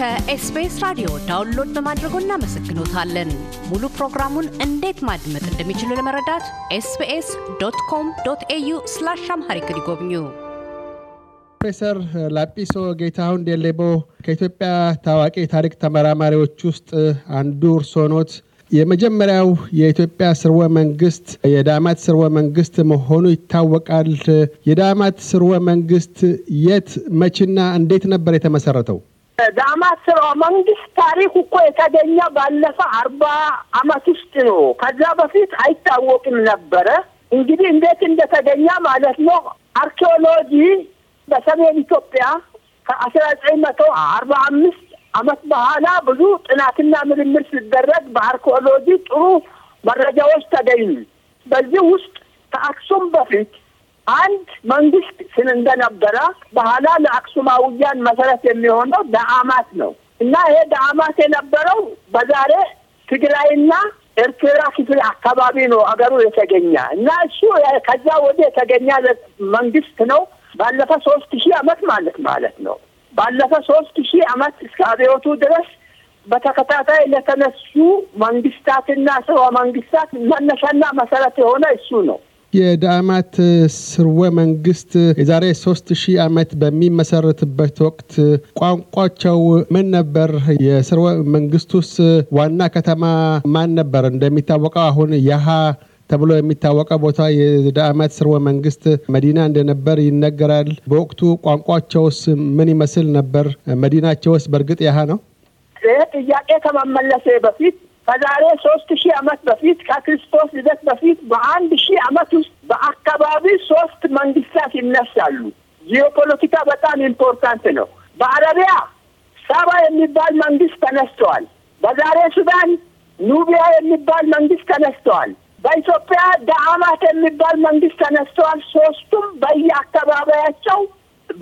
ከኤስቢኤስ ራዲዮ ዳውንሎድ በማድረጎ እናመሰግኖታለን። ሙሉ ፕሮግራሙን እንዴት ማድመጥ እንደሚችሉ ለመረዳት ኤስቢኤስ ዶት ኮም ዶት ኤዩ ስላሽ አምሃሪክ ይጎብኙ። ፕሮፌሰር ላጲሶ ጌታሁን ዴሌቦ ከኢትዮጵያ ታዋቂ ታሪክ ተመራማሪዎች ውስጥ አንዱ እርስዎ ኖት። የመጀመሪያው የኢትዮጵያ ስርወ መንግስት የዳማት ስርወ መንግስት መሆኑ ይታወቃል። የዳማት ስርወ መንግስት የት፣ መቼና እንዴት ነበር የተመሰረተው? ዳማት ስራ መንግስት ታሪክ እኮ የተገኘ ባለፈ አርባ አመት ውስጥ ነው። ከዛ በፊት አይታወቅም ነበረ። እንግዲህ እንዴት እንደተገኘ ማለት ነው። አርኪኦሎጂ በሰሜን ኢትዮጵያ ከአስራ ዘጠኝ መቶ አርባ አምስት አመት በኋላ ብዙ ጥናትና ምርምር ሲደረግ በአርኪኦሎጂ ጥሩ መረጃዎች ተገኙ። በዚህ ውስጥ ከአክሱም በፊት አንድ መንግስት እንደነበረ በኋላ ለአክሱማውያን መሰረት የሚሆነው ደአማት ነው እና ይሄ ደአማት የነበረው በዛሬ ትግራይና ኤርትራ ክፍል አካባቢ ነው አገሩ የተገኘ እና እሱ ከዛ ወደ የተገኘ መንግስት ነው። ባለፈ ሶስት ሺህ አመት ማለት ማለት ነው። ባለፈ ሶስት ሺህ አመት እስከ አብዮቱ ድረስ በተከታታይ ለተነሱ መንግስታትና ስርወ መንግስታት መነሻና መሰረት የሆነ እሱ ነው። የዳአማት ስርወ መንግስት የዛሬ ሶስት ሺህ ዓመት በሚመሰረትበት ወቅት ቋንቋቸው ምን ነበር? የስርወ መንግስቱስ ዋና ከተማ ማን ነበር? እንደሚታወቀው አሁን ያሃ ተብሎ የሚታወቀው ቦታ የዳአማት ስርወ መንግስት መዲና እንደነበር ይነገራል። በወቅቱ ቋንቋቸውስ ምን ይመስል ነበር? መዲናቸውስ በእርግጥ ያሃ ነው? ይህ ጥያቄ ከመመለሴ በፊት ከዛሬ ሶስት ሺህ ዓመት በፊት ከክርስቶስ ልደት በፊት በአንድ ሺህ ዓመት ውስጥ በአካባቢ ሶስት መንግስታት ይነሳሉ። ጂኦፖለቲካ በጣም ኢምፖርታንት ነው። በአረቢያ ሳባ የሚባል መንግስት ተነስተዋል። በዛሬ ሱዳን ኑቢያ የሚባል መንግስት ተነስተዋል። በኢትዮጵያ ዳአማት የሚባል መንግስት ተነስተዋል። ሶስቱም በየአካባቢያቸው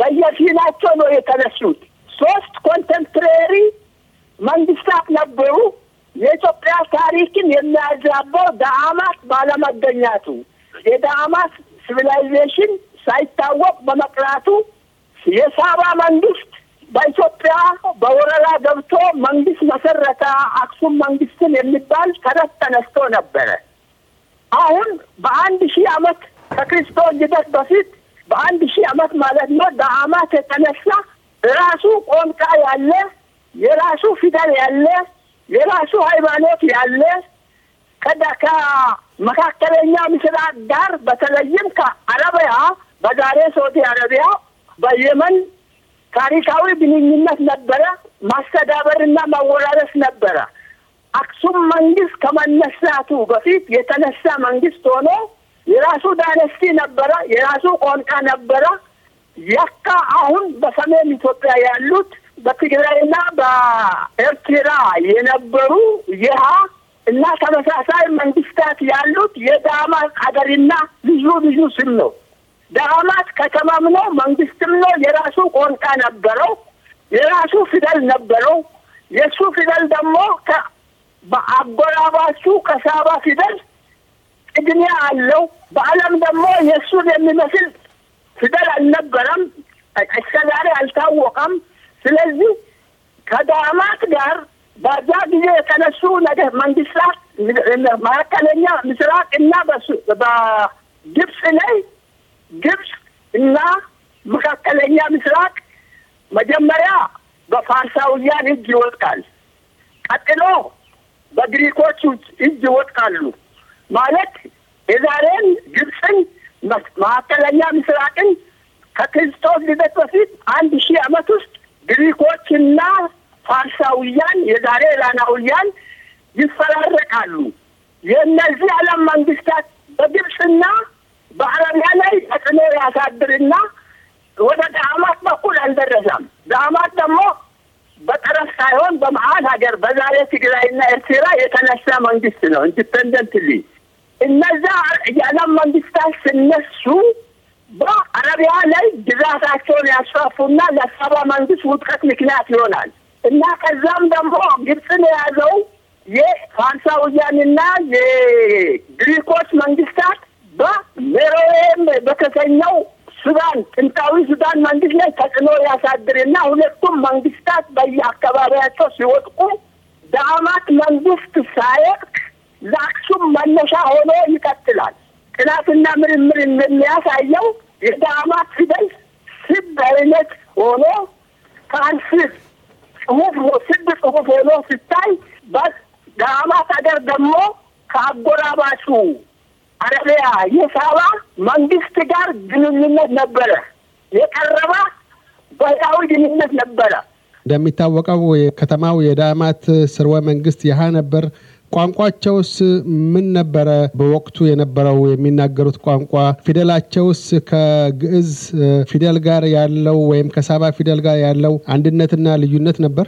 በየፊናቸው ነው የተነሱት። ሶስት ኮንተምፕሬሪ መንግስታት ነበሩ። የኢትዮጵያ ታሪክን የሚያዛባው ዳአማት ባለመገኛቱ የዳአማት ሲቪላይዜሽን ሳይታወቅ በመቅራቱ የሳባ መንግስት በኢትዮጵያ በወረራ ገብቶ መንግስት መሰረተ። አክሱም መንግስትን የሚባል ተረት ተነስቶ ነበረ። አሁን በአንድ ሺህ አመት ከክርስቶስ ልደት በፊት በአንድ ሺህ አመት ማለት ነው። ዳአማት የተነሳ ራሱ ቆንቃ ያለ የራሱ ፊደል ያለ የራሱ ሃይማኖት ያለ ከዳ ከመካከለኛ ምስራቅ ጋር በተለይም ከአረቢያ በዛሬ ሳውዲ አረቢያ በየመን ታሪካዊ ግንኙነት ነበረ። ማስተዳበርና መወራረስ ነበረ። አክሱም መንግስት ከመነሳቱ በፊት የተነሳ መንግስት ሆኖ የራሱ ዳይነስቲ ነበረ፣ የራሱ ቋንቋ ነበረ። የካ አሁን በሰሜን ኢትዮጵያ ያሉት በትግራይና በኤርትራ የነበሩ ይሀ እና ተመሳሳይ መንግስታት ያሉት የዳማት አገሪና ልዩ ልዩ ስም ነው። ዳማት ከተማም ነው፣ መንግስትም ነው። የራሱ ቆንጣ ነበረው፣ የራሱ ፊደል ነበረው። የእሱ ፊደል ደግሞ በአጎራባቹ ከሳባ ፊደል ቅድሚያ አለው። በዓለም ደግሞ የእሱን የሚመስል ፊደል አልነበረም፣ እስከዛሬ አልታወቀም። ስለዚህ ከዳማት ጋር በዛ ጊዜ የተነሱ ነገ መንግስታት መካከለኛ ምስራቅ እና በግብፅ ላይ ግብፅ እና መካከለኛ ምስራቅ መጀመሪያ በፋርሳውያን እጅ ይወጥቃል። ቀጥሎ በግሪኮች እጅ ይወጥቃሉ። ማለት የዛሬን ግብፅን መካከለኛ ምስራቅን ከክርስቶስ ልደት በፊት አንድ ሺህ ዓመት ውስጥ ግሪኮችና ፋርሳውያን የዛሬ ኢራናውያን ይፈራረቃሉ። የእነዚህ ዓለም መንግስታት በግብፅና በአረቢያ ላይ ተጽዕኖ ያሳድርና ወደ ዳማት በኩል አልደረሰም። ዳማት ደግሞ በጠረፍ ሳይሆን በመሀል ሀገር በዛሬ ትግራይና ኤርትራ የተነሳ መንግስት ነው። ኢንዲፔንደንትሊ እነዛ የዓለም መንግስታት ስነሱ በአረቢያ ላይ ግዛታቸውን ያስፋፉና ለሳባ መንግስት ውጥቀት ምክንያት ይሆናል እና ከዛም ደግሞ ግብፅን የያዘው የፋርሳውያንና የግሪኮች መንግስታት በሜሮዌም በተሰኘው ሱዳን ጥንታዊ ሱዳን መንግስት ላይ ተጽዕኖ ያሳድርና ሁለቱም መንግስታት በየአካባቢያቸው ሲወጥቁ ዳማት መንግስት ሳይወድቅ ለአክሱም መነሻ ሆኖ ይቀጥላል። ጥናትና ምርምር የሚያሳየው። የዳማት ፊደል ስብ አይነት ሆኖ ከአንስ ጽሁፍ ስብ ጽሁፍ ሆኖ ሲታይ በስ ዳማት አገር ደግሞ ከአጎራባቹ አረቢያ የሳባ መንግስት ጋር ግንኙነት ነበረ። የቀረባ ባያዊ ግንኙነት ነበረ። እንደሚታወቀው ከተማው የዳማት ስርወ መንግስት ያሃ ነበር። ቋንቋቸውስ ምን ነበረ? በወቅቱ የነበረው የሚናገሩት ቋንቋ ፊደላቸውስ ከግዕዝ ፊደል ጋር ያለው ወይም ከሳባ ፊደል ጋር ያለው አንድነትና ልዩነት ነበር።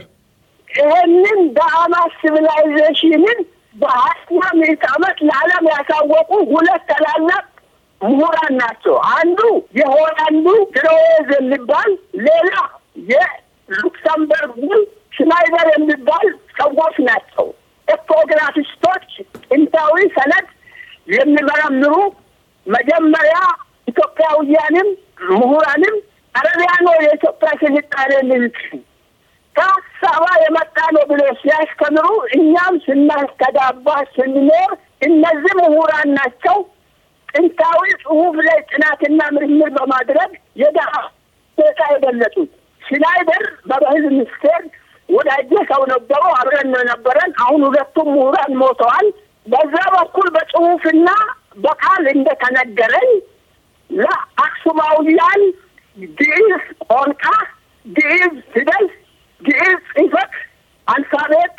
ይህንን በአማስ ሲቪላይዜሽንን በሀያ ምዕት ዓመት ለዓለም ያሳወቁ ሁለት ታላላቅ ምሁራን ናቸው። አንዱ የሆላንዱ ድሮዝ የሚባል ሌላ የሉክሰምበርግ ሽናይደር የሚባል ሰዎች ናቸው። ኢኮግራፊስቶች ጥንታዊ ሰነድ የሚመረምሩ መጀመሪያ ኢትዮጵያውያንም ምሁራንም ነው የኢትዮጵያ ስልጣኔ ምልክ ከሳባ የመጣ ነው ብሎ ሲያስከምሩ እኛም ስናስተዳባ ስንኖር እነዚህ ምሁራን ናቸው ጥንታዊ ጽሑፍ ላይ ጥናትና ምርምር ሞተዋል። በዛ በኩል በጽሁፍና በቃል እንደተነገረኝ ለአክሱማውያን ግዕዝ ቋንቋ፣ ግዕዝ ፊደል፣ ግዕዝ ጽሕፈት፣ አልፋቤት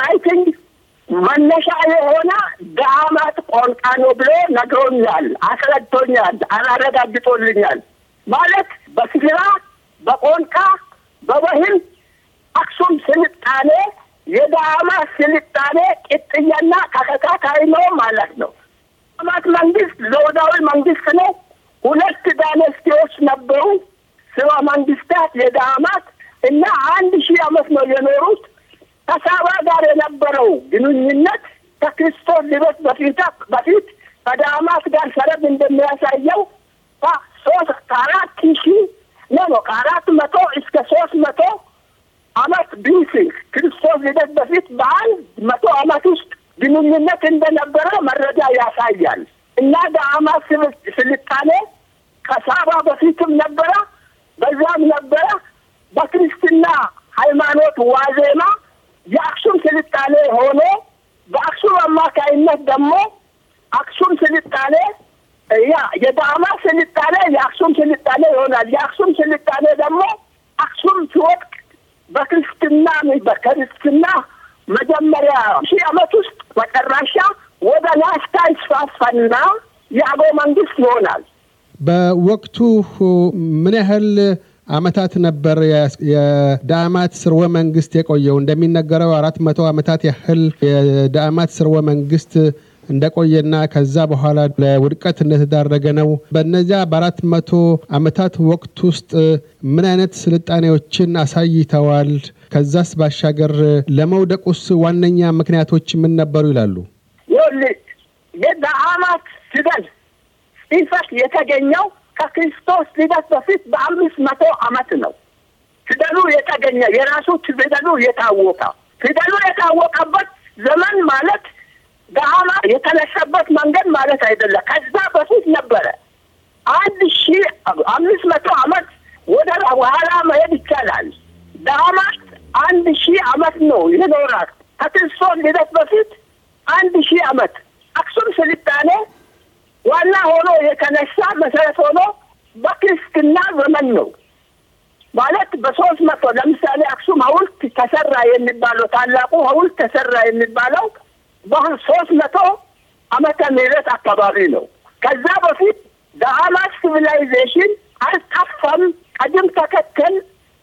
ራይቲንግ መነሻ የሆነ ዳማት ቋንቋ ነው ብሎ ነግሮኛል፣ አስረድቶኛል፣ አረጋግጦልኛል። አላት ቢንሲንግ ክርስቶስ ልደት በፊት በአል መቶ አመት ውስጥ ግንኙነት እንደነበረ መረጃ ያሳያል እና በአማት ስልጣኔ ከሳባ በፊትም ነበረ፣ በዛም ነበረ። በክርስትና ሃይማኖት ዋዜማ የአክሱም ስልጣኔ ሆኖ በአክሱም አማካይነት ደግሞ አክሱም ስልጣኔ ያ የዳማ ስልጣኔ የአክሱም ስልጣኔ ይሆናል። የአክሱም ስልጣኔ ደግሞ አክሱም ሲወድቅ በክርስትና በክርስትና መጀመሪያ ሺህ ዓመት ውስጥ መጨረሻ ወደ ላስታ ይስፋፋና የአገው መንግስት ይሆናል። በወቅቱ ምን ያህል ዓመታት ነበር የዳዕማት ስርወ መንግስት የቆየው? እንደሚነገረው አራት መቶ ዓመታት ያህል የዳዕማት ስርወ መንግስት እንደቆየና ከዛ በኋላ ለውድቀት እንደተዳረገ ነው። በእነዚያ በአራት መቶ ዓመታት ወቅት ውስጥ ምን አይነት ስልጣኔዎችን አሳይተዋል? ከዛስ ባሻገር ለመውደቁስ ዋነኛ ምክንያቶች ምን ነበሩ ይላሉ። በአማት ፊደል ጽሕፈት የተገኘው ከክርስቶስ ልደት በፊት በአምስት መቶ ዓመት ነው። ፊደሉ የተገኘ የራሱ ፊደሉ የታወቀ ፊደሉ የታወቀበት ዘመን ማለት ደሃማ የተነሳበት መንገድ ማለት አይደለም። ከዛ በፊት ነበረ። አንድ ሺ አምስት መቶ አመት ወደ ኋላ መሄድ ይቻላል። ደሃማት አንድ ሺ አመት ነው የኖራት ከክርስቶስ ልደት በፊት አንድ ሺህ አመት አክሱም ስልጣኔ ዋና ሆኖ የተነሳ መሰረት ሆኖ በክርስትና ዘመን ነው ማለት በሶስት መቶ ለምሳሌ አክሱም ሐውልት ተሰራ የሚባለው ታላቁ ሐውልት ተሰራ የሚባለው በአሁን ሶስት መቶ አመተ ምህረት አካባቢ ነው። ከዛ በፊት ዳአላስ ሲቪላይዜሽን አልጠፋም። ቀደም ተከተል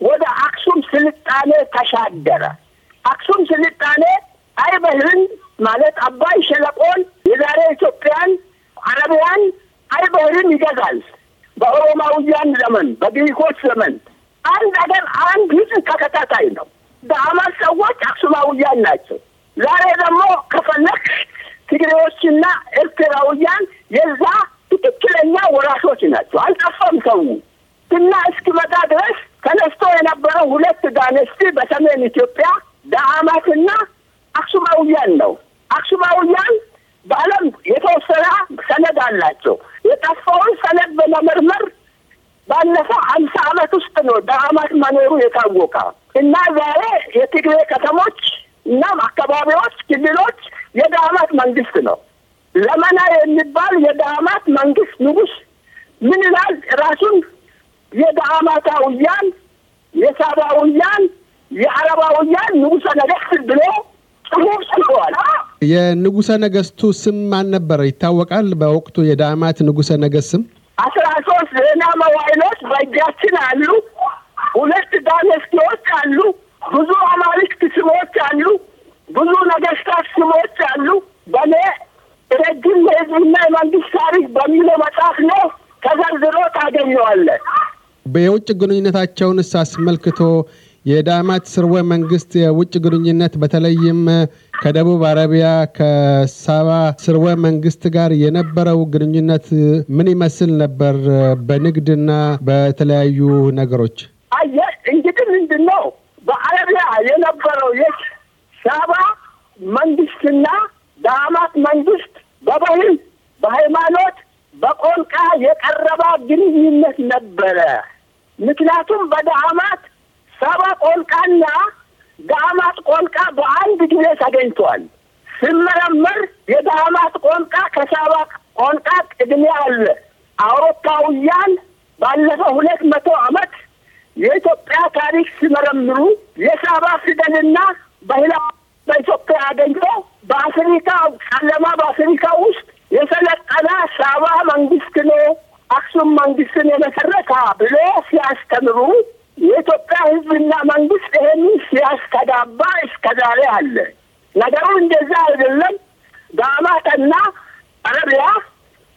ወደ አክሱም ስልጣኔ ተሻገረ። አክሱም ስልጣኔ አይ በህርን ማለት አባይ ሸለቆን የዛሬ ኢትዮጵያን አረቢያን አይበህርን ይገዛል። በኦሮማውያን ዘመን፣ በግሪኮች ዘመን አንድ አገር አንድ ህዝብ ተከታታይ ነው። በአማር ሰዎች አክሱማውያን ናቸው። ዛሬ ደግሞ ከፈለክ ትግሬዎችና ኤርትራውያን የዛ ትክክለኛ ወራሾች ናቸው። አልጠፋም ሰው እና እስኪመጣ ድረስ ተነስቶ የነበረው ሁለት ዳነስቲ በሰሜን ኢትዮጵያ ዳአማትና አክሱማውያን ነው። አክሱማውያን በዓለም የተወሰነ ሰነድ አላቸው። የጠፋውን ሰነድ በመመርመር ባለፈው አምሳ ዓመት ውስጥ ነው ዳአማት መኖሩ የታወቀ እና ዛሬ የትግሬ ከተሞች እናም አካባቢዎች፣ ክልሎች የዳማት መንግስት ነው። ዘመና የሚባል የዳማት መንግስት ንጉስ ምን ይላል? ራሱን የዳህማታውያን፣ የሳባውያን፣ የአረባውያን ንጉሰ ነገስት ብሎ ጽሑፍ ጽፈዋል። የንጉሰ ነገስቱ ስም ማን ነበረ? ይታወቃል? በወቅቱ የዳማት ንጉሰ ነገስት ስም አስራ ሶስት ዜና መዋይሎች በእጃችን አሉ። ሁለት በየውጭ ግንኙነታቸውን አስመልክቶ የዳማት ስርወ መንግስት የውጭ ግንኙነት በተለይም ከደቡብ አረቢያ ከሳባ ስርወ መንግስት ጋር የነበረው ግንኙነት ምን ይመስል ነበር? በንግድና በተለያዩ ነገሮች እንግዲህ ምንድን ነው በአረቢያ የነበረው የሳባ መንግስትና ዳማት መንግስት በባህል፣ በሃይማኖት፣ በቆልቃ የቀረባ ግንኙነት ነበረ። ምክንያቱም በዳአማት ሰባ ቆልቃና ዳአማት ቆልቃ በአንድ ጊዜ ተገኝተዋል። ሲመረመር የዳአማት ቆልቃ ከሰባ ቆልቃ ቅድሜ አለ። አውሮፓውያን ባለፈው ሁለት መቶ ዓመት የኢትዮጵያ ታሪክ ሲመረምሩ የሳባ ፊደልና ባህላ በኢትዮጵያ አገኝቶ በአፍሪካ ጨለማ በአፍሪካ ውስጥ የሰለጠነ ሳባ መንግስት ነው አክሱም መንግስትን የመሰረታ ብሎ ሲያስተምሩ የኢትዮጵያ ህዝብና መንግስት ይህን ሲያስተጋባ እስከ ዛሬ አለ። ነገሩ እንደዛ አይደለም። ዳማትና አረቢያ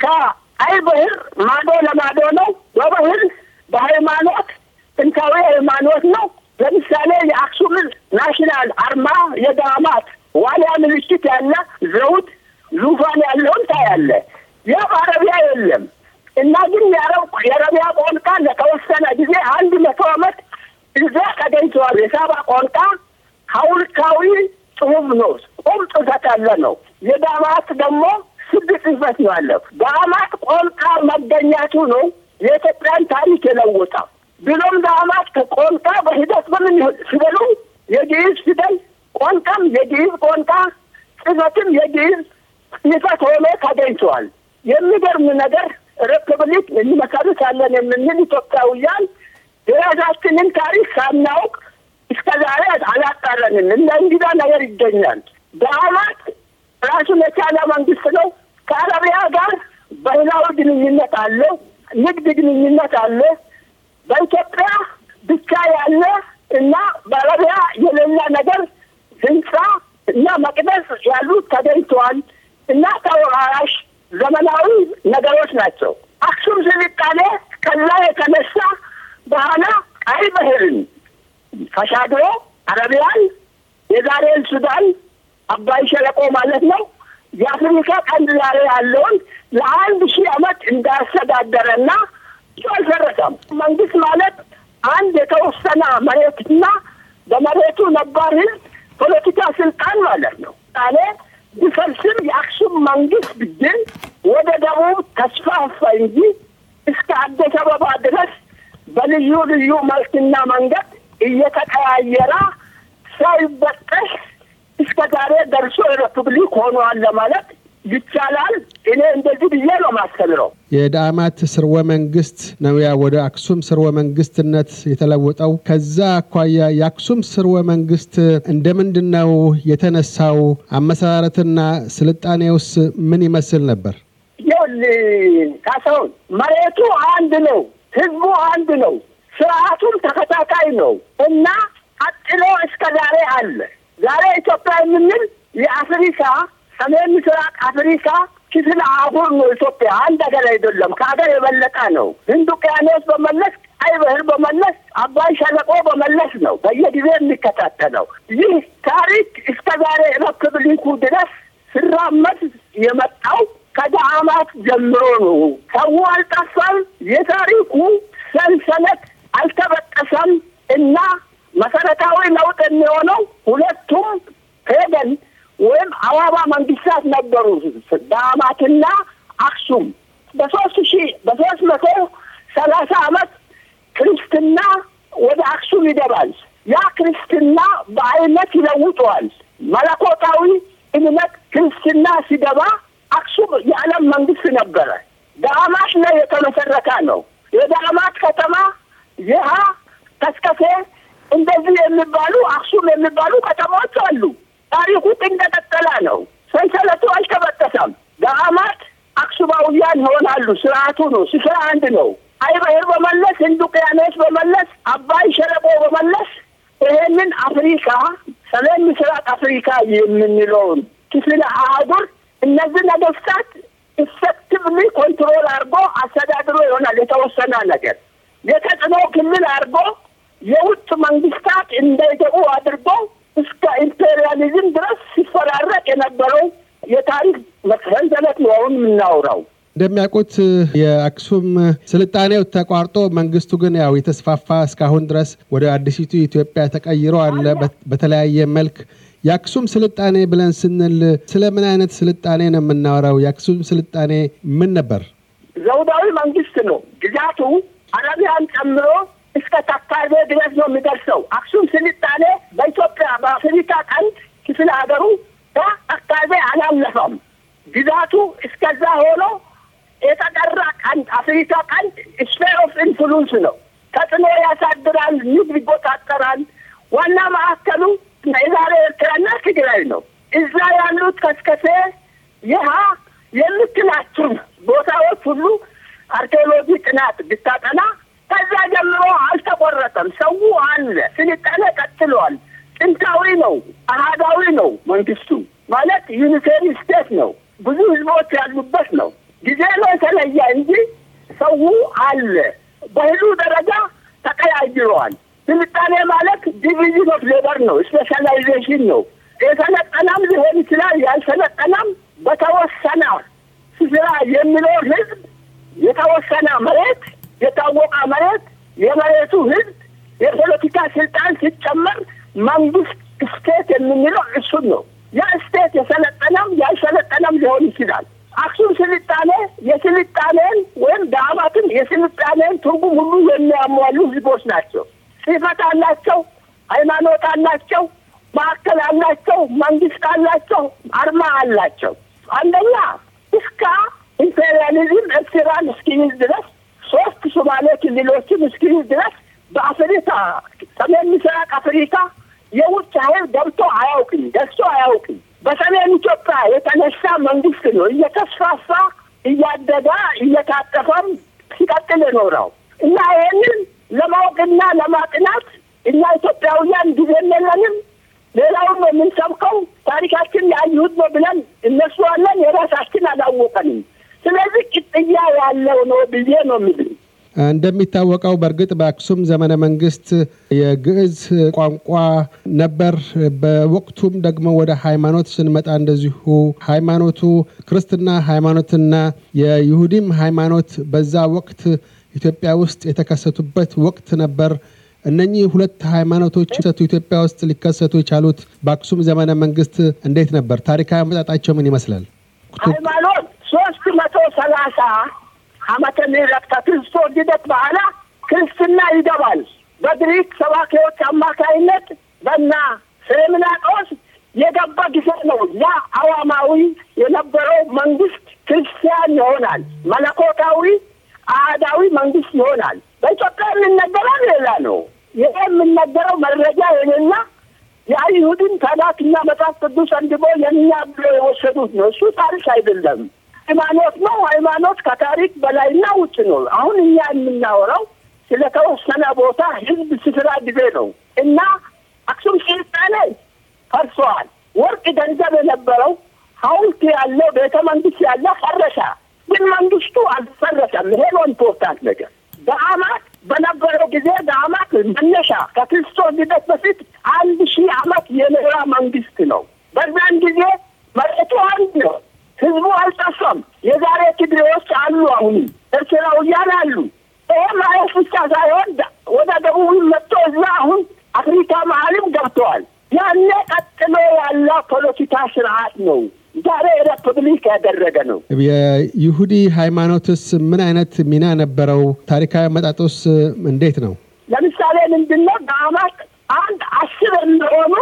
ከአይ ባህር ማዶ ለማዶ ነው። በባህር በሃይማኖት ጥንታዊ ሃይማኖት ነው። ለምሳሌ የአክሱም ናሽናል አርማ የዳማት ዋሊያ ምልክት ያለ ዘውድ ዙፋን ያለውን ታያለ። ያ በአረቢያ የለም። እና ግን ያረው የረሚያ ቋንቋ ለተወሰነ ጊዜ አንድ መቶ አመት እዛ ተገኝተዋል። የሳባ ቋንቋ ሀውልታዊ ጽሁፍ ነው። ቁም ጽፈት ያለ ነው። የዳማት ደግሞ ስድ ጽፈት ነው ያለው። ዳማት ቋንቋ መገኘቱ ነው የኢትዮጵያን ታሪክ የለወጠው። ብሎም ዳማት ከቋንቋ በሂደት በምን ሲበሉ የግዕዝ ፊደል ቋንቋም የግዕዝ ቋንቋ ጽፈትም የግዕዝ ጽፈት ሆኖ ተገኝተዋል። የሚገርም ነገር ሪፐብሊክ እንመሰርታለን የምንል ኢትዮጵያውያን የራሳችንን ታሪክ ሳናውቅ እስከዛሬ ዛሬ አላጣረንም። እንደ እንግዳ ነገር ይገኛል። በአማት ራሱን የቻለ መንግስት ነው። ከአረቢያ ጋር ባህላዊ ግንኙነት አለ፣ ንግድ ግንኙነት አለ። በኢትዮጵያ ብቻ ያለ እና በአረቢያ የሌላ ነገር ህንፃ እና መቅደስ ያሉት ተገኝተዋል እና ተወራራሽ ዘመናዊ ነገሮች ናቸው። አክሱም ስልጣኔ ከዛ የተነሳ በኋላ ቀይ ባህርን ተሻግሮ አረቢያን፣ የዛሬን ሱዳን፣ አባይ ሸለቆ ማለት ነው የአፍሪካ ቀንድ ዛሬ ያለውን ለአንድ ሺህ ዓመት እንዳስተዳደረና አልፈረሰም። መንግስት ማለት አንድ የተወሰነ መሬትና በመሬቱ ነባር ህዝብ ፖለቲካ ስልጣን ማለት ነው። ቢፈልስም የአክሱም መንግስት ብድር ወደ ደቡብ ተስፋፋ እንጂ እስከ አዲስ አበባ ድረስ በልዩ ልዩ መልክና መንገድ እየተቀያየረ ሳይበጠስ እስከ ዛሬ ደርሶ ሪፑብሊክ ሆኗል ለማለት ይቻላል። እኔ እንደዚህ ብዬ ነው ማስተምረው። የዳዕማት ስርወ መንግስት ነው ያ ወደ አክሱም ስርወ መንግስትነት የተለወጠው። ከዛ አኳያ የአክሱም ስርወ መንግስት እንደምንድን ነው የተነሳው? አመሰራረትና ስልጣኔውስ ምን ይመስል ነበር? ይኸውልህ ካሳሁን፣ መሬቱ አንድ ነው፣ ህዝቡ አንድ ነው፣ ስርዓቱም ተከታታይ ነው እና ቀጥሎ እስከ ዛሬ አለ። ዛሬ ኢትዮጵያ የምንል የአፍሪካ ሰሜን ምስራቅ አፍሪካ ክፍል አሁን ነው ኢትዮጵያ አንድ ሀገር አይደለም፣ ከሀገር የበለጠ ነው። ህንድ ውቅያኖስ በመለስ ቀይ ባህር በመለስ አባይ ሸለቆ በመለስ ነው በየጊዜ የሚከታተለው። ይህ ታሪክ እስከ ዛሬ ሪፐብሊኩ ድረስ ስራመት የመጣው ከደአማት ጀምሮ ነው። ሰው አልጠፋም፣ የታሪኩ ሰንሰለት አልተበጠሰም እና መሰረታዊ ለውጥ የሚሆነው ሁለቱም ወይም አዋባ መንግስታት ነበሩ። ዳማትና አክሱም በሶስት ሺ በሶስት መቶ ሰላሳ አመት ክርስትና ወደ አክሱም ይገባል። ያ ክርስትና በአይነት ይለውጠዋል። መለኮታዊ እምነት ክርስትና ሲገባ አክሱም የዓለም መንግስት ነበረ። ዳማት ላይ የተመሰረተ ነው። የዳማት ከተማ ይሃ፣ ከስከሴ እንደዚህ የሚባሉ አክሱም የሚባሉ ከተማዎች አሉ። ታሪኩ እንደቀጠለ ነው። ሰንሰለቱ አልተበጠሰም። ገአማት አክሱማውያን ይሆናሉ። ስርዓቱ ነው። ስፍራ አንድ ነው። አይ ባህር በመለስ ህንድ ውቅያኖስ በመለስ አባይ ሸለቆ በመለስ ይሄንን አፍሪካ ሰሜን ምስራቅ አፍሪካ የምንለውን ክፍለ አህጉር እነዚህ ነገስታት ኢፌክቲቭሊ ኮንትሮል አድርጎ አስተዳድሮ ይሆናል። የተወሰነ ነገር የተጽዕኖ ክልል አድርጎ የውጭ መንግስታት እንዳይገቡ አድርጎ እስከ ኢምፔሪያሊዝም ድረስ ሲፈራረቅ የነበረው የታሪክ ሰንሰለት ነው አሁን የምናወራው። እንደሚያውቁት የአክሱም ስልጣኔው ተቋርጦ መንግስቱ ግን ያው የተስፋፋ እስካሁን ድረስ ወደ አዲሲቱ ኢትዮጵያ ተቀይሮ አለ በተለያየ መልክ። የአክሱም ስልጣኔ ብለን ስንል ስለ ምን አይነት ስልጣኔ ነው የምናወራው? የአክሱም ስልጣኔ ምን ነበር? ዘውዳዊ መንግስት ነው። ግዛቱ አረቢያን ጨምሮ እስከ ታካርቤ ድረስ ነው የሚደርሰው። አክሱም ስልጣኔ በኢትዮጵያ በአፍሪካ ቀንድ ክፍለ ሀገሩ ከአካባቢ አላለፈም። ግዛቱ እስከዛ ሆኖ የተቀራ ቀንድ አፍሪካ ቀንድ ስፌር ኦፍ ኢንፍሉንስ ነው። ተጽዕኖ ያሳድራል፣ ንግድ ይቆጣጠራል። ዋና ማዕከሉ የዛሬ ኤርትራና ትግራይ ነው። እዛ ያሉት ከስከሴ ይህ የምትላችን ቦታዎች ሁሉ አርኪኦሎጂ ጥናት ብታጠና ከዛ ጀምሮ አልተቆረጠም። ሰው አለ፣ ስልጣኔ ቀጥሏል። ጥንታዊ ነው፣ አህዳዊ ነው። መንግስቱ ማለት ዩኒተሪ ስቴት ነው፣ ብዙ ህዝቦች ያሉበት ነው። ጊዜ ነው የተለየ እንጂ ሰው አለ። በህሉ ደረጃ ተቀያይረዋል። ስልጣኔ ማለት ዲቪዥን ኦፍ ሌበር ነው፣ ስፔሻላይዜሽን ነው። የሰለጠናም ሊሆን ይችላል፣ ያልሰለጠናም በተወሰነ ስራ የሚኖር ህዝብ የተወሰነ መሬት የታወቀ መሬት የመሬቱ ህዝብ የፖለቲካ ስልጣን ሲጨመር መንግስት ስቴት የምንለው እሱን ነው። ያ ስቴት የሰለጠነም ያልሰለጠነም ሊሆን ይችላል። አክሱም ስልጣኔ የስልጣኔን ወይም ዳማትም የስልጣኔን ትርጉም ሁሉ የሚያሟሉ ህዝቦች ናቸው። ጽፈት አላቸው፣ ሃይማኖት አላቸው፣ ማዕከል አላቸው፣ መንግስት አላቸው፣ አርማ አላቸው። አንደኛ እስከ ኢምፔሪያሊዝም ኤርትራን እስኪይዝ ድረስ ሶስት ሶማሌ ክልሎችን እስኪሁ ድረስ በአፍሪካ ሰሜን ምስራቅ አፍሪካ የውጭ ኃይል ገብቶ አያውቅም፣ ደርሶ አያውቅም። በሰሜን ኢትዮጵያ የተነሳ መንግስት ነው እየተስፋፋ እያደገ እየታጠፈም ሲቀጥል የኖረው እና ይህንን ለማወቅና ለማጥናት እኛ ኢትዮጵያውያን ጊዜም የለንም። ሌላውን ነው የምንሰብከው። ታሪካችን ያዩት ነው ብለን እነሱ አለን፣ የራሳችን አላወቀንም። ያለው ነው ብዬ ነው እንደሚታወቀው በእርግጥ በአክሱም ዘመነ መንግስት የግዕዝ ቋንቋ ነበር። በወቅቱም ደግሞ ወደ ሃይማኖት ስንመጣ እንደዚሁ ሃይማኖቱ ክርስትና ሃይማኖትና የይሁዲም ሃይማኖት በዛ ወቅት ኢትዮጵያ ውስጥ የተከሰቱበት ወቅት ነበር። እነኚህ ሁለት ሃይማኖቶች ኢትዮጵያ ውስጥ ሊከሰቱ የቻሉት በአክሱም ዘመነ መንግስት እንዴት ነበር? ታሪካዊ አመጣጣቸው ምን ይመስላል? ሃይማኖት ሶስት መቶ ሰላሳ አመተ ምህረት ከክርስቶ ልደት በኋላ ክርስትና ይገባል። በግሪክ ሰባኪዎች አማካይነት በና ስምናጦስ የገባ ጊዜ ነው። ያ አዋማዊ የነበረው መንግስት ክርስቲያን ይሆናል። መለኮታዊ አህዳዊ መንግስት ይሆናል። በኢትዮጵያ የምነገረው ሌላ ነው። ይሄ የሚነገረው መረጃ የሌላ የአይሁድን ታላክና መጽሐፍ ቅዱስ አንድቦ የሚያብሎ የወሰዱት ነው። እሱ ታሪክ አይደለም። ሃይማኖት ነው። ሃይማኖት ከታሪክ በላይና ውጭ ነው። አሁን እኛ የምናወራው ስለተወሰነ ቦታ ህዝብ ስፍራ ጊዜ ነው እና አክሱም ስልጣኔ ፈርሰዋል። ወርቅ ገንዘብ የነበረው ሀውልት ያለው ቤተ መንግስት ያለ ፈረሻ፣ ግን መንግስቱ አልፈረሰም። ይሄ ነው ኢምፖርታንት ነገር። በአማት በነበረው ጊዜ በአማት መነሻ ከክርስቶስ ልደት በፊት አንድ ሺህ አመት የኖረ መንግስት ነው። በዛን ጊዜ መሬቱ አንድ ነው። ህዝቡ አልጠፋም። የዛሬ ትግሬዎች አሉ፣ አሁንም ኤርትራውያን አሉ። ይሄ ማየት ብቻ ሳይሆን ወደ ደቡብ መጥቶ እዛ አሁን አፍሪካ መሀልም ገብተዋል። ያኔ ቀጥሎ ያለ ፖለቲካ ስርዓት ነው ዛሬ ሪፐብሊክ ያደረገ ነው። የይሁዲ ሃይማኖትስ ምን አይነት ሚና ነበረው? ታሪካዊ መጣጡስ እንዴት ነው? ለምሳሌ ምንድነው በአማት አንድ አስር የሚሆኑ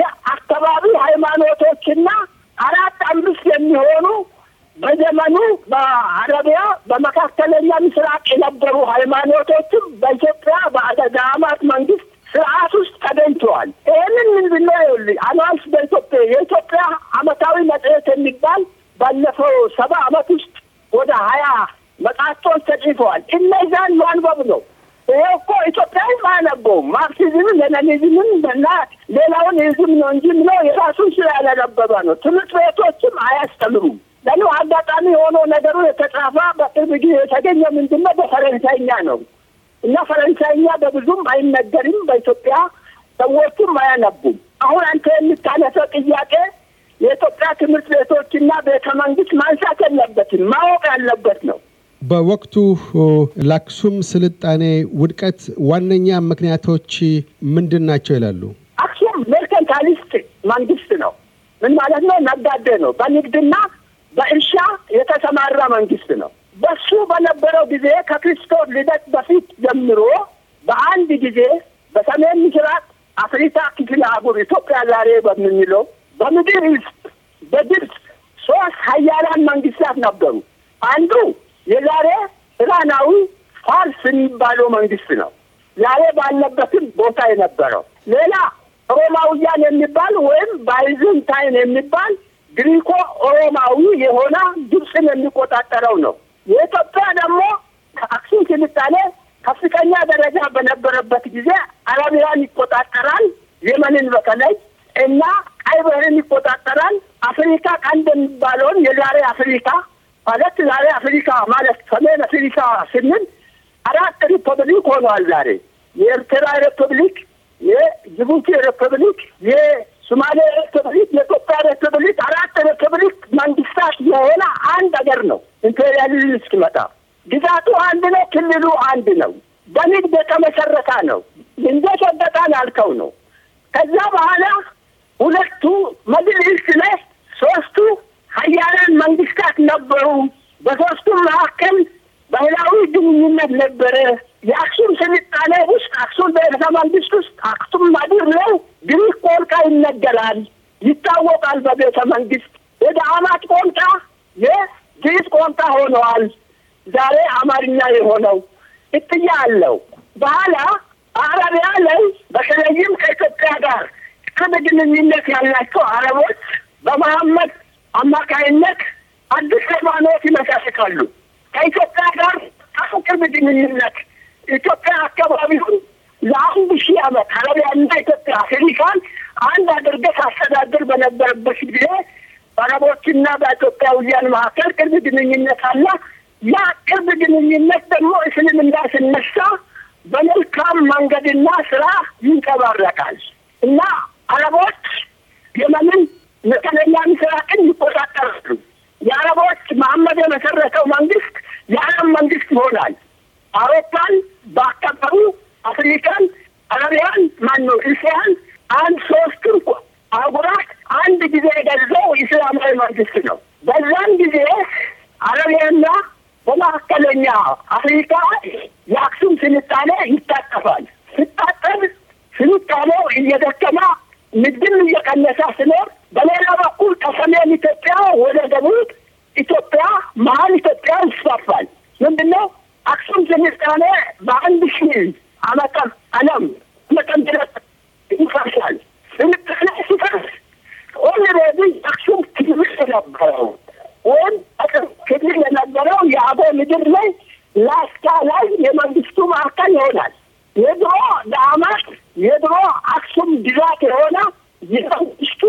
የአካባቢ ሃይማኖቶችና አራት አምስት የሚሆኑ በዘመኑ በአረቢያ በመካከለኛ ምስራቅ የነበሩ ሃይማኖቶችም በኢትዮጵያ በአደጋማት መንግስት ስርዓት ውስጥ ተገኝተዋል። ይህንን ምን ነው ይኸውልህ አናንስ በኢትዮጵያ የኢትዮጵያ አመታዊ መጽሔት የሚባል ባለፈው ሰባ አመት ውስጥ ወደ ሀያ መጽሐፍቶች ተጽፈዋል። እነዛን ማንበብ ነው። ይሄ እኮ ኢትዮጵያዊም አያነበውም ማርክሲዝም ሌኒኒዝምም እና ሌላውን ይዝም ነው እንጂ ብሎ የራሱን ስራ ያላነበበ ነው። ትምህርት ቤቶችም አያስተምሩም። ለኑ አጋጣሚ የሆነው ነገሩ የተጻፈ በቅርብ ጊዜ የተገኘ ምንድነው በፈረንሳይኛ ነው እና ፈረንሳይኛ በብዙም አይነገርም በኢትዮጵያ ሰዎቹም አያነቡም። አሁን አንተ የምታነሰው ጥያቄ የኢትዮጵያ ትምህርት ቤቶችና ቤተ መንግስት ማንሳት የለበትም ማወቅ ያለበት ነው። በወቅቱ ለአክሱም ስልጣኔ ውድቀት ዋነኛ ምክንያቶች ምንድን ናቸው ይላሉ? አክሱም መርከንታሊስት መንግስት ነው። ምን ማለት ነው? ነጋዴ ነው። በንግድና በእርሻ የተሰማራ መንግስት ነው። በሱ በነበረው ጊዜ ከክርስቶስ ልደት በፊት ጀምሮ በአንድ ጊዜ በሰሜን ምስራቅ አፍሪካ ክፍለ አህጉር ኢትዮጵያ ዛሬ በምንለው በምድር ውስጥ በግብፅ ሶስት ሀያላን መንግስታት ነበሩ። አንዱ የዛሬ ኢራናዊ ፋርስ የሚባለው መንግስት ነው ዛሬ ባለበትም ቦታ የነበረው። ሌላ ሮማውያን የሚባል ወይም ባይዘንታይን የሚባል ግሪኮ ሮማዊ የሆነ ግብፅን የሚቆጣጠረው ነው። የኢትዮጵያ ደግሞ ከአክሱም ስልጣኔ ከፍተኛ ደረጃ በነበረበት ጊዜ አረቢያን ይቆጣጠራል፣ የመንን በተለይ እና ቀይ ባህርን ይቆጣጠራል። አፍሪካ ቀንድ የሚባለውን የዛሬ አፍሪካ ማለት ዛሬ አፍሪካ ማለት ሰሜን አፍሪካ ስንል አራት ሪፐብሊክ ሆኗል። ዛሬ የኤርትራ ሪፐብሊክ፣ የጅቡቲ ሪፐብሊክ፣ የሶማሊያ ሪፐብሊክ፣ የኢትዮጵያ ሪፐብሊክ አራት ሪፐብሊክ መንግስታት የሆነ አንድ ሀገር ነው። ኢምፔሪያሊዝም እስኪመጣ ግዛቱ አንድ ነው፣ ክልሉ አንድ ነው። በንግድ የተመሰረታ ነው። እንደ አልከው ነው። ከዛ በኋላ ሁለቱ tú eres በአውሊያን መካከል ቅርብ ግንኙነት አለ። ያ ቅርብ ግንኙነት ደግሞ እስልምና ስነሳ በመልካም መንገድና ስራ ይንጸባረቃል እና አረቦች የመንን መጠነኛ ምስራቅን ይቆጣጠራሉ። የአረቦች መሐመድ የመሰረተው መንግስት የአረብ መንግስት ይሆናል። አውሮፓን ባከበሩ አፍሪካን፣ አረቢያን ማነው እስያን አንድ ሶስት አህጉራት አንድ ጊዜ የገዛው ኢስላማዊ መንግስት ነው። በዛም ጊዜ አረቢያና በመካከለኛ አፍሪካ የአክሱም ስልጣኔ ይታጠፋል። ስታጠፍ ስልጣኔው እየደከመ ንግድም እየቀነሰ ስኖር በሌላ በኩል ከሰሜን ኢትዮጵያ ወደ ደቡብ ኢትዮጵያ መሀል ኢትዮጵያ ይስፋፋል። ምንድነው አክሱም ስልጣኔ በአንድ ሺ ዓመተ አለም መቀም ድረስ ይፈርሳል። ስልጣኔ ሲፈርስ ኦልሬዲ አክሱም ክልል የነበረው ወይም ክልል የነበረው የአበ ምድር ላይ ላስታ ላይ የመንግስቱ ማዕከል ይሆናል። የድሮ ዳማት የድሮ አክሱም ግዛት የሆነ የመንግስቱ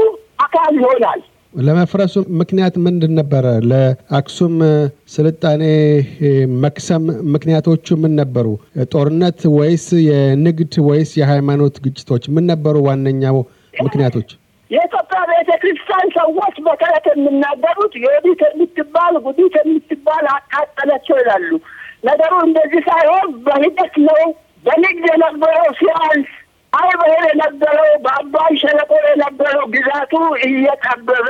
አካል ይሆናል። ለመፍረሱ ምክንያት ምንድን ነበረ? ለአክሱም ስልጣኔ መክሰም ምክንያቶቹ ምን ነበሩ? ጦርነት ወይስ የንግድ ወይስ የሃይማኖት ግጭቶች ምን ነበሩ? ዋነኛው ምክንያቶች የጦ ቤተ ክርስቲያን ሰዎች በተረት የሚናገሩት የወዲት የምትባል ጉዲት የምትባል አቃጠለቸው ይላሉ። ነገሩ እንደዚህ ሳይሆን በሂደት ነው። በንግድ የነበረው ሲያንስ አይበር የነበረው በአባይ ሸለቆ የነበረው ግዛቱ እየጠበበ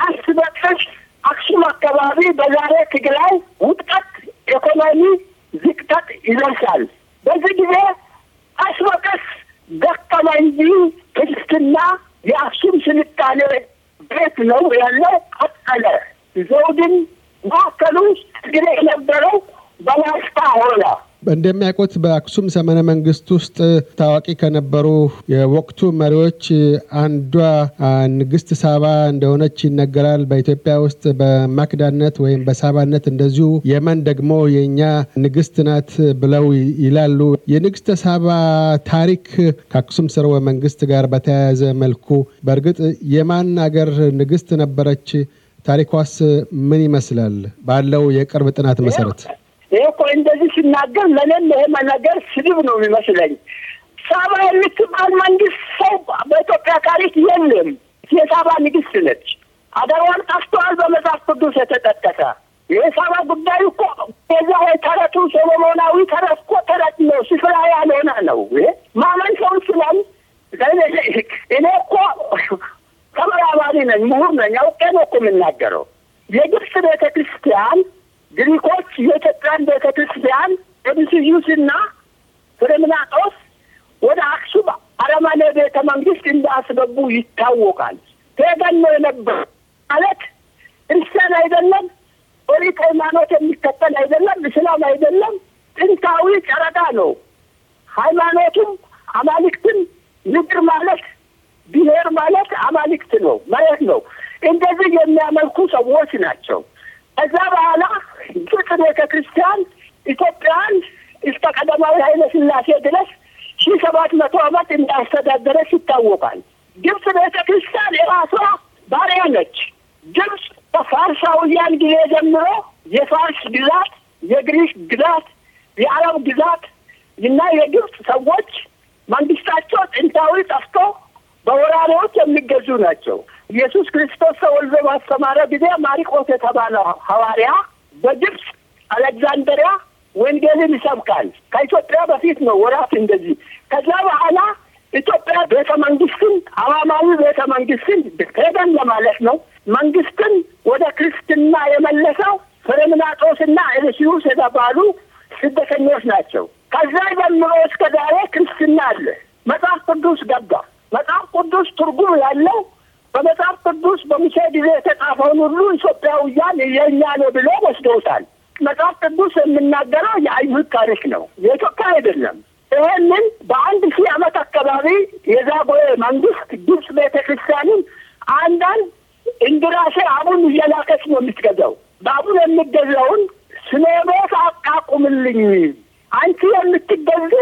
ቀስ በቀስ አክሱም አካባቢ በዛሬ ትግራይ ውጥቀት፣ ኢኮኖሚ ዝቅጠት ይደርሳል። በዚህ ጊዜ ቀስ በቀስ ደከመ እንጂ ክርስትና የአክሱም ስልጣኔ ቤት ነው ያለ ቀጠለ። ዘውድን ማዕከሉ ውስጥ ግሬ የነበረው በላስታ ሆነ። እንደሚያውቁት በአክሱም ዘመነ መንግስት ውስጥ ታዋቂ ከነበሩ የወቅቱ መሪዎች አንዷ ንግስት ሳባ እንደሆነች ይነገራል። በኢትዮጵያ ውስጥ በማክዳነት ወይም በሳባነት እንደዚሁ፣ የመን ደግሞ የእኛ ንግስት ናት ብለው ይላሉ። የንግስተ ሳባ ታሪክ ከአክሱም ስርወ መንግስት ጋር በተያያዘ መልኩ በእርግጥ የማን አገር ንግስት ነበረች? ታሪኳስ ምን ይመስላል? ባለው የቅርብ ጥናት መሰረት ይህ እኮ እንደዚህ ሲናገር ለእኔም ይሄ መነገር ስድብ ነው የሚመስለኝ። ሳባ የምትባል መንግስት ሰው በኢትዮጵያ ታሪክ የለም። የሳባ ንግስት ነች። አገሯን ጠፍተዋል በመጽሐፍ ቅዱስ የተጠቀሰ የሳባ ጉዳይ እኮ የዛ ወይ ተረቱ ሰሎሞናዊ ተረት እኮ ተረት ነው፣ ስፍራ ያልሆነ ነው። ማመን ሰው ስላል እኔ እኮ ተመራማሪ ነኝ፣ ምሁር ነኝ፣ አውቄ ነው እኮ የምናገረው የግብጽ ቤተ ክርስቲያን ግሪኮች የኢትዮጵያን ቤተ ክርስቲያን እብስዩስና ፍሬምናጦስ ወደ አክሱም አረማኔ ቤተ መንግስት እንዳስገቡ ይታወቃል። ፔገን ነው የነበረ ማለት ክርስቲያን አይደለም፣ ኦሪት ሃይማኖት የሚከተል አይደለም፣ እስላም አይደለም። ጥንታዊ ጨረቃ ነው። ሃይማኖቱም አማልክትም ምድር ማለት ብሔር ማለት አማልክት ነው፣ መሬት ነው። እንደዚህ የሚያመልኩ ሰዎች ናቸው። ከዛ በኋላ ግጽ ቤተ ክርስቲያን ኢትዮጵያን እስከ ቀዳማዊ ኃይለ ሥላሴ ድረስ ሺ ሰባት መቶ ዓመት እንዳስተዳደረች ይታወቃል። ግብፅ ቤተ ክርስቲያን የራሷ ባሪያ ነች። ግብፅ በፋርሳውያን ጊዜ ጀምሮ የፋርስ ግዛት፣ የግሪክ ግዛት፣ የአረብ ግዛት እና የግብጽ ሰዎች መንግስታቸው ጥንታዊ ጠፍቶ በወራሪዎች የሚገዙ ናቸው። ኢየሱስ ክርስቶስ ተወልዶ ባስተማረ ጊዜ ማሪቆስ የተባለ ሐዋርያ በግብፅ አሌክዛንደሪያ ወንጌልን ይሰብካል። ከኢትዮጵያ በፊት ነው ወራት እንደዚህ። ከዛ በኋላ ኢትዮጵያ ቤተ መንግስትን አዋማዊ ቤተ መንግስትን ሄደን ለማለት ነው። መንግስትን ወደ ክርስትና የመለሰው ፍሬምናጦስና ኤልሲዩስ የተባሉ ስደተኞች ናቸው። ከዛ ጀምሮ እስከ ዛሬ ክርስትና አለ። መጽሐፍ ቅዱስ ገባ። መጽሐፍ ቅዱስ ትርጉም ያለው በመጽሐፍ ቅዱስ በሙሴ ጊዜ የተጻፈውን ሁሉ ኢትዮጵያውያን የእኛ ነው ብሎ ወስደውታል። መጽሐፍ ቅዱስ የምናገረው የአይሁድ ታሪክ ነው፣ የኢትዮጵያ አይደለም። ይህንን በአንድ ሺህ ዓመት አካባቢ የዛጉዌ መንግስት ግብጽ ቤተ ክርስቲያንን አንዳንድ እንድራሴ አቡን እየላከች ነው የምትገዛው። በአቡን የምገዛውን ስለ አቃቁምልኝ አንቺ የምትገዙ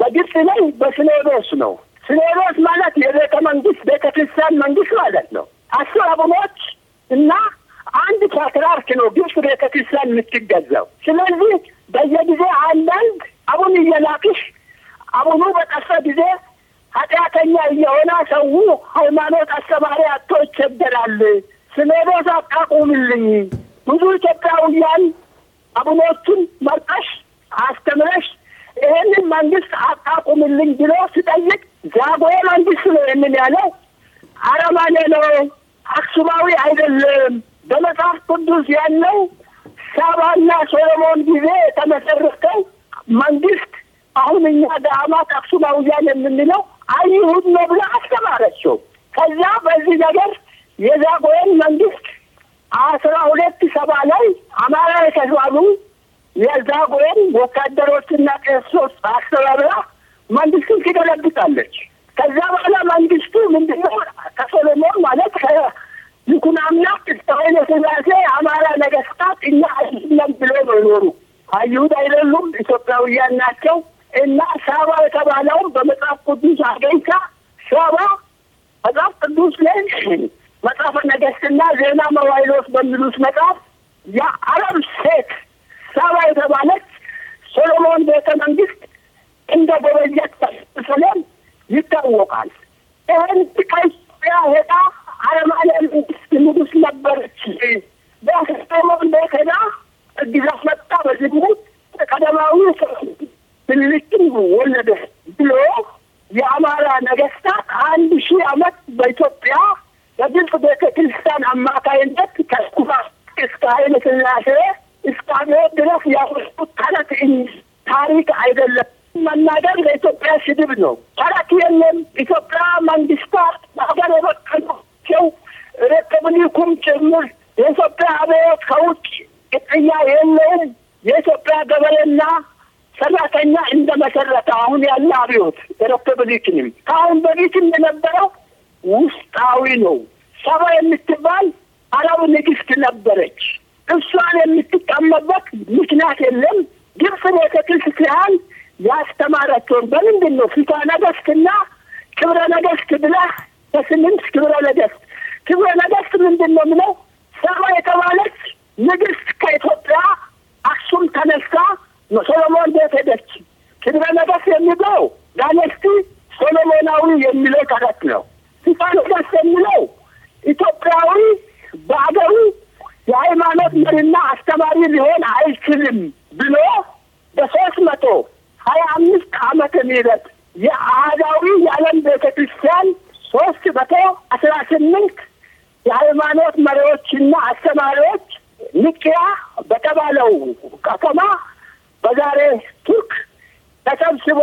በግብጽ ላይ በስኔቦስ ነው ስሌቦች ማለት የቤተ መንግስት ቤተ ክርስቲያን መንግስት ማለት ነው። አስር አቡኖች እና አንድ ፓትርያርክ ነው ግብጽ ቤተ ክርስቲያን የምትገዛው። ስለዚህ በየጊዜ አንዳንድ አቡን እየላክሽ አቡኑ በጠፋ ጊዜ ኃጢአተኛ እየሆነ ሰው ሃይማኖት አስተማሪ አቶ ይቸገራል። ስሌቦት አቃቁምልኝ። ብዙ ኢትዮጵያውያን አቡኖቹን መርጠሽ አስተምረሽ ይህንን መንግስት አቃቁምልኝ ብሎ ስጠይቅ ዛጎዬ መንግስት ነው የሚል ያለው አረማኔ ነው፣ አክሱማዊ አይደለም። በመጽሐፍ ቅዱስ ያለው ሳባና ሶሎሞን ጊዜ የተመሰረተው መንግስት አሁን እኛ ዳአማት አክሱማውያን የምንለው አይሁድ ነው ብላ አስተማረችው። ከዛ በዚህ ነገር የዛጎየን መንግስት አስራ ሁለት ሰባ ላይ አማራ የተሿሉ የዛጎየን ወታደሮችና ቄሶች አስተባብራ መንግስቱን ትገለብጣለች። ከዛ በኋላ መንግስቱ ምንድነው ከሶሎሞን ማለት ይኩናምና እስራኤል የተዛዘ አማራ ነገስታት እኛ አይደለም ብሎ ይኖሩ አይሁድ አይደሉም ኢትዮጵያውያን ናቸው እና ሳባ የተባለውን በመጽሐፍ ቅዱስ አገኝታ ሳባ መጽሐፍ ቅዱስ ላይ መጽሐፈ ነገስትና ዜና መዋይሎስ በሚሉት መጽሐፍ የአረብ ሴት ሳባ የተባለች ሶሎሞን ቤተ መንግስት እንደ ጎበዝ ሰለም ይታወቃል። ይህን ጥቃይ ሄዳ አረማለ መንግስት ንጉስ ነበረች። በአስጠመር በከዳ እግዛት መጣ በዝሙት ቀደማዊ ብልጭን ወለደ ብሎ የአማራ ነገስታት አንድ ሺህ ዓመት በኢትዮጵያ በግብጽ ቤተ ክርስቲያን አማካይነት ከኩባ እስከ ኃይለ ሥላሴ እስከ ድረስ ያወጡት ታሪክ አይደለም። መናገር ለኢትዮጵያ ስድብ ነው። አራት የለም ኢትዮጵያ መንግስታ በሀገር የበቀሉቸው ሪፐብሊኩም ጭምር የኢትዮጵያ አብዮት ከውጭ ቅጥያ የለውም። የኢትዮጵያ ገበሬና ሰራተኛ እንደ መሰረተ አሁን ያለ አብዮት ሪፐብሊክንም ከአሁን በፊትም የነበረው ውስጣዊ ነው። ሰባ የምትባል አረብ ንግስት ነበረች። እሷን የምትቀመበት ምክንያት የለም። ግብጽ ቤተክርስቲያን ያስተማረችውን በምንድን ነው ፊቷ ነገስትና ክብረ ነገስት ብላ በስምንት ክብረ ነገስት ክብረ ነገስት ምንድን ነው ምለው ሰባ የተባለች ንግስት ከኢትዮጵያ አክሱም ተነሳ ሶሎሞን ቤት ሄደች። ክብረ ነገስት የሚለው ዳይነስቲ ሶሎሞናዊ የሚለው ተረት ነው። ፊቷ ነገስት የሚለው ኢትዮጵያዊ በአገሩ የሃይማኖት መሪና አስተማሪ ሊሆን አይችልም ብሎ በሶስት መቶ ሀያ አምስት አመት ምህረት የአህዳዊ የዓለም ቤተ ክርስቲያን ሶስት መቶ አስራ ስምንት የሃይማኖት መሪዎችና አስተማሪዎች ንቅያ በተባለው ከተማ በዛሬ ቱርክ ተሰብስቦ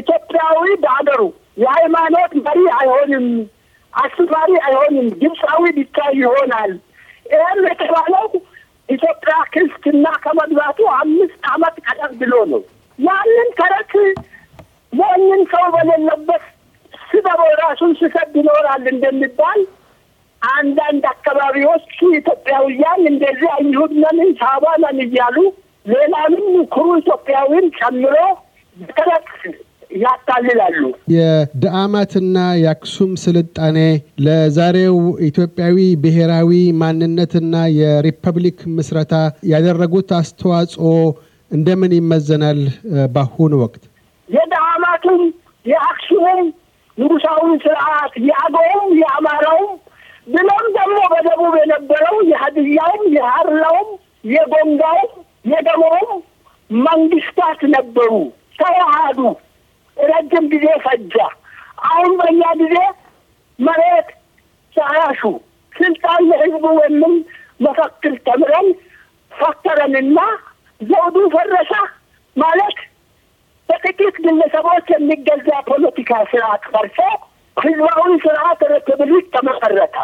ኢትዮጵያዊ በሀገሩ የሃይማኖት መሪ አይሆንም፣ አስተማሪ አይሆንም፣ ግብፃዊ ብቻ ይሆናል። ይህም የተባለው ኢትዮጵያ ክርስትና ከመግባቱ አምስት አመት ቀደም ብሎ ነው። ያንን ተረት ሞኝን ሰው በሌለበት ስበበው ራሱን ስሰብ ይኖራል እንደሚባል አንዳንድ አካባቢዎች ኢትዮጵያውያን እንደዚህ አይሁድ ነን ሳባ ነን እያሉ ሌላንም ኩሩ ኢትዮጵያዊን ጨምሮ በተረት ያታልላሉ። የደአማትና የአክሱም ስልጣኔ ለዛሬው ኢትዮጵያዊ ብሔራዊ ማንነትና የሪፐብሊክ ምስረታ ያደረጉት አስተዋጽኦ እንደምን ይመዘናል? በአሁኑ ወቅት የደሃማቱም የአክሱሙም ንጉሳዊ ስርዓት የአገውም የአማራውም ብሎም ደግሞ በደቡብ የነበረው የሀድያውም የሀርላውም የጎንጋውም የደሞውም መንግስታት ነበሩ። ተዋሃዱ። ረጅም ጊዜ ፈጃ። አሁን በእኛ ጊዜ መሬት ሳያሹ ስልጣን ለህዝቡ ወይም መፈክር ተምረን ፈከረንና ዘውዱ ፈረሰ ማለት በጥቂት ግለሰቦች የሚገዛ ፖለቲካ ስርዓት ፈርሶ ህዝባዊ ስርዓት ሪፐብሊክ ተመሰረተ።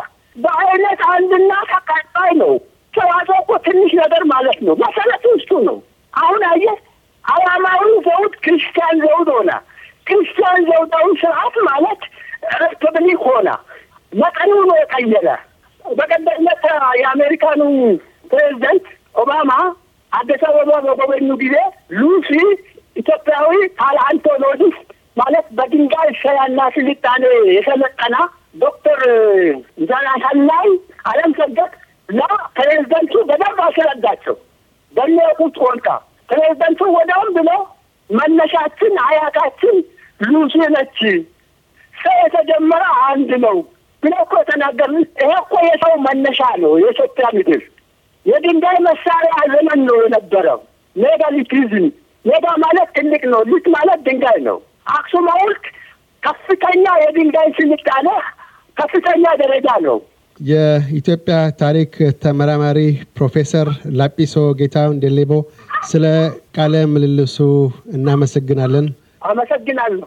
በአይነት አንድና ተቃጣይ ነው። ተዋጽኦ እኮ ትንሽ ነገር ማለት ነው። መሰረቱ ውስጡ ነው። አሁን አየ አላማዊ ዘውድ ክርስቲያን ዘውድ ሆነ። ክርስቲያን ዘውዳዊ ስርዓት ማለት ሪፐብሊክ ሆነ። መጠኑ ነው የቀየረ። በቀደም ዕለት የአሜሪካኑ ፕሬዚደንት ኦባማ አዲስ አበባ በጎበኙ ጊዜ ሉሲ ኢትዮጵያዊ ካልአንቶኖዲስ ማለት በድንጋይ ሰያና ስልጣኔ የሰለጠና ዶክተር ዛናሳላይ አለም ሰገድ ና ፕሬዝደንቱ በደንብ አስረዳቸው። በሚያውቁት ቋንቋ ፕሬዚደንቱ ወደውም ብሎ መነሻችን አያታችን ሉሲ ነች፣ ሰው የተጀመረ አንድ ነው ብለ እኮ የተናገር። ይሄ እኮ የሰው መነሻ ነው የኢትዮጵያ ምድር የድንጋይ መሳሪያ ዘመን ነው የነበረው። ሜጋሊትሪዝም ሜጋ ማለት ትልቅ ነው፣ ሊት ማለት ድንጋይ ነው። አክሱም ሐውልት ከፍተኛ የድንጋይ ስልጣኔ ከፍተኛ ደረጃ ነው። የኢትዮጵያ ታሪክ ተመራማሪ ፕሮፌሰር ላጲሶ ጌታሁን ዴሌቦ ስለ ቃለ ምልልሱ እናመሰግናለን። አመሰግናለሁ።